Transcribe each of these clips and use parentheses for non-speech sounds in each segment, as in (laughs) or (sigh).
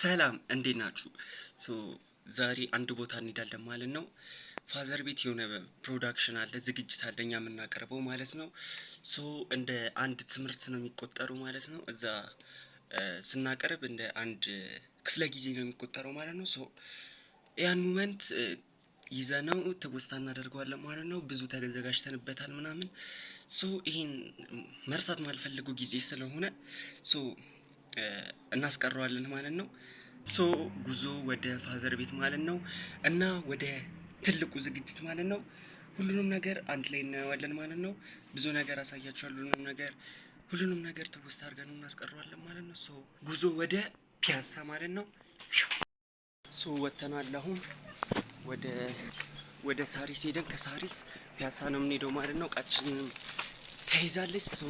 ሰላም እንዴት ናችሁ? ሶ ዛሬ አንድ ቦታ እንሄዳለን ማለት ነው። ፋዘር ቤት የሆነ ፕሮዳክሽን አለ ዝግጅት አለ እኛ የምናቀርበው ማለት ነው። ሶ እንደ አንድ ትምህርት ነው የሚቆጠሩ ማለት ነው። እዛ ስናቀርብ እንደ አንድ ክፍለ ጊዜ ነው የሚቆጠረው ማለት ነው። ሶ ያን ሙመንት ይዘነው ትውስታ እናደርገዋለን ማለት ነው። ብዙ ተዘጋጅተንበታል ምናምን። ሶ ይህን መርሳት ማልፈልገው ጊዜ ስለሆነ ሶ እናስቀረዋለን ማለት ነው። ሶ ጉዞ ወደ ፋዘር ቤት ማለት ነው እና ወደ ትልቁ ዝግጅት ማለት ነው። ሁሉንም ነገር አንድ ላይ እናየዋለን ማለት ነው። ብዙ ነገር አሳያችኋል። ሁሉንም ነገር ሁሉንም ነገር ትውስት አድርገን እናስቀረዋለን ማለት ነው። ሶ ጉዞ ወደ ፒያሳ ማለት ነው። ሶ ወተናል። አሁን ወደ ወደ ሳሪስ ሄደን ከሳሪስ ፒያሳ ነው የምንሄደው ማለት ነው። እቃችንም ተይዛለች። ሶ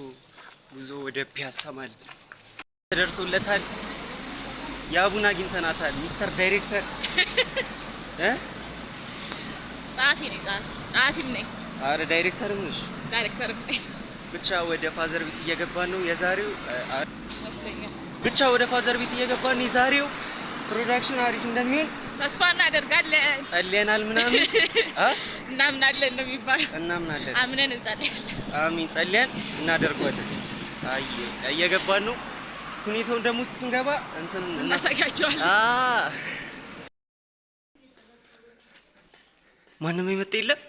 ጉዞ ወደ ፒያሳ ማለት ነው። ተደርሶለታል። የአቡን አግኝተናታል። ሚስተር ዳይሬክተር (laughs) እ ጸሐፊ ነኝ ጸሐፊም ነኝ። አረ ዳይሬክተርም ነሽ? ዳይሬክተርም ነኝ። ብቻ ወደ ፋዘር ቤት እየገባን ነው። የዛሬው ብቻ ወደ ፋዘር ቤት እየገባን ነው። የዛሬው ፕሮዳክሽን አሪፍ እንደሚሆን ተስፋ እናደርጋለን። ጸልየናል ምናምን (laughs) እናምናለን ነው የሚባለው። እናምናለን፣ አምነን እንጸልያለን። አሚን፣ ጸልየን እናደርገዋለን። አይ እየገባን ነው ሁኔታውን ደግሞ ውስጥ ስንገባ እንትን እናሳያቸዋለን። ማንም የመጣ የለም።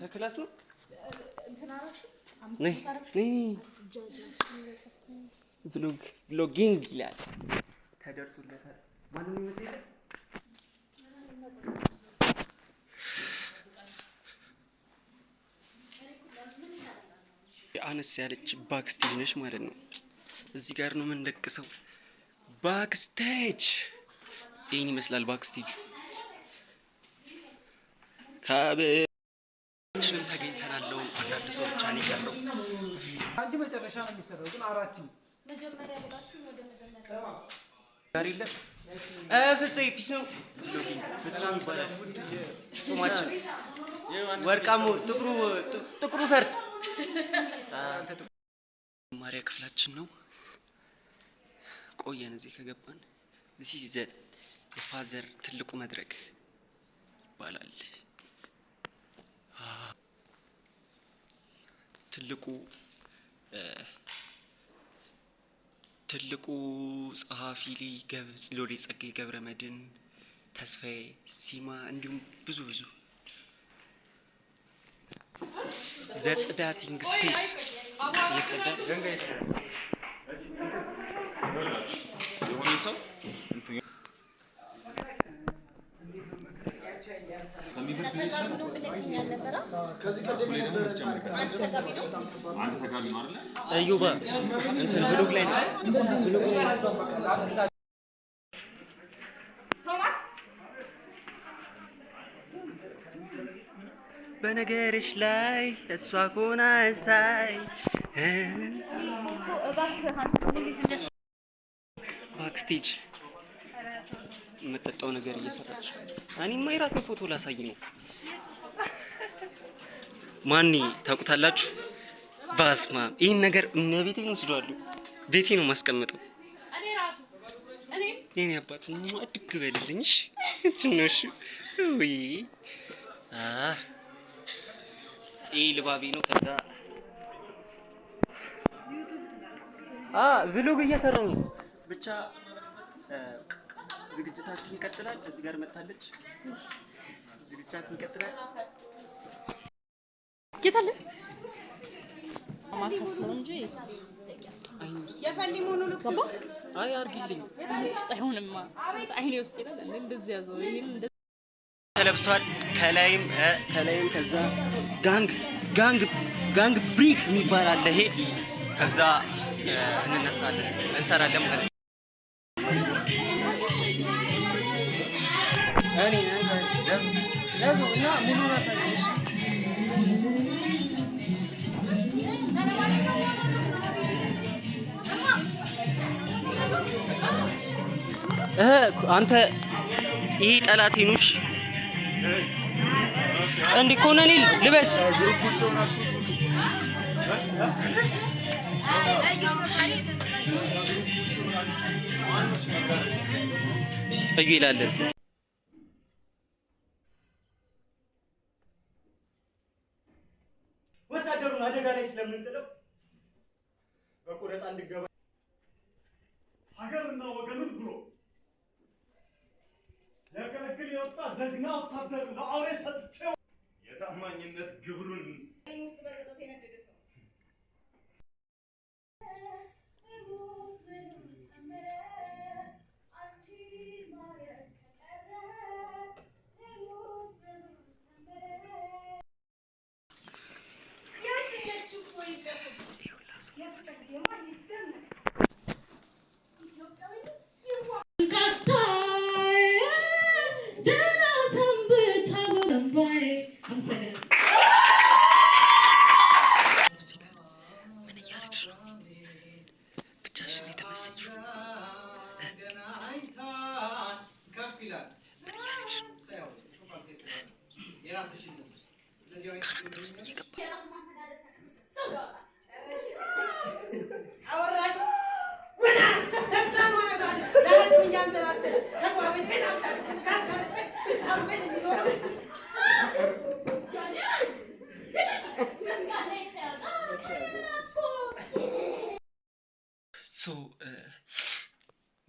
ከክላስ ነው ብሎጊንግ ይላል። ተደርሶለታል። ማንም የመጣ የለም። አነስ ያለች ባክስቴጅ ነች ማለት ነው። እዚህ ጋር ነው የምንለቅሰው። ባክስቴጅ ይህን ይመስላል። ባክስቴጁ ካብችንም ተገኝተናለው። አንዳንድ ሰው ብቻ ነው የቀረው። አንቺ መጨረሻ ነው የሚሰራው፣ ግን አራት ጋር የለም ፍጽ ፒስ ነው ፍጹማችን ወርቃሙ ጥቁሩ ፈርጥ (laughs) ማሪያ ክፍላችን ነው። ቆየን እዚህ ከገባን። ዚህ ዘ የፋዘር ትልቁ መድረክ ይባላል። ትልቁ ትልቁ ጸሐፊ ሎሌ ጸጋዬ ገብረ መድኅን፣ ተስፋዬ ሲማ እንዲሁም ብዙ ብዙ ዘጽዳቲንግ ስፔስ ዩባ እንትን ብሎግ ላይ ነው። በነገርሽ ላይ እሷ ኮና እሳይ ባክስቴጅ የምጠጣው ነገር እየሰራች እኔማ የራስን ፎቶ ላሳይ ነው። ማን ታውቁታላችሁ? ባስማ ይህን ነገር ቤቴ ነው ቤቴ ነው ማስቀምጠው። የኔ አባት አድግ በልልኝ። እሺ ይህ ልባቢ ነው። ከዛ ቪሎግ እየሰሩ ነው። ብቻ ዝግጅታችን ይቀጥላል። እዚህ ጋር መታለች። ዝግጅታችን ይቀጥላል። ጌታለ አይ እንደዚህ ያዘው። ተለብሷል። ከላይም ከላይም ከዛ ጋንግ ጋንግ ጋንግ ብሪክ የሚባል አለ። ሄድ ከዛ እንነሳለን እንሰራለን ማለት ነው። አንተ ይህ ጠላቴ ኑሽ እንዲህ ኮሎኔል ልበስ እዩ ይላል። ወታደሩን አደጋ ላይ ስለምንጥለው በቁረጣ እንድገባ ሀገርና ወገኑን ብሎ ሊያገለግል የወጣ ጀግና ወታደር ለአውሬ ሰጥቼው ታማኝነት ግብሩን ውስጥ በጸጸት የነደደ ሰው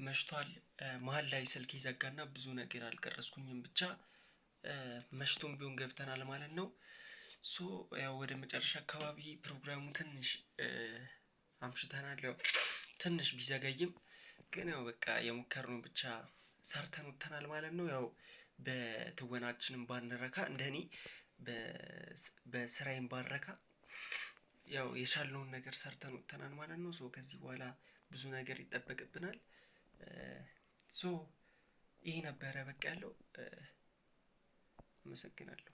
መሽቷል። መሀል ላይ ስልክ ይዘጋና ብዙ ነገር አልቀረስኩኝም። ብቻ መሽቶም ቢሆን ገብተናል ማለት ነው። ሶ ያው ወደ መጨረሻ አካባቢ ፕሮግራሙ ትንሽ አምሽተናል። ያው ትንሽ ቢዘገይም ግን ያው በቃ የሞከርነው ብቻ ሰርተን ወጥተናል ማለት ነው። ያው በትወናችንም ባንረካ እንደኔ በስራዬም ባረካ ያው የቻልነውን ነገር ሰርተን ወጥተናል ማለት ነው። ሶ ከዚህ በኋላ ብዙ ነገር ይጠበቅብናል። ሶ ይህ ነበረ በቃ ያለው። አመሰግናለሁ።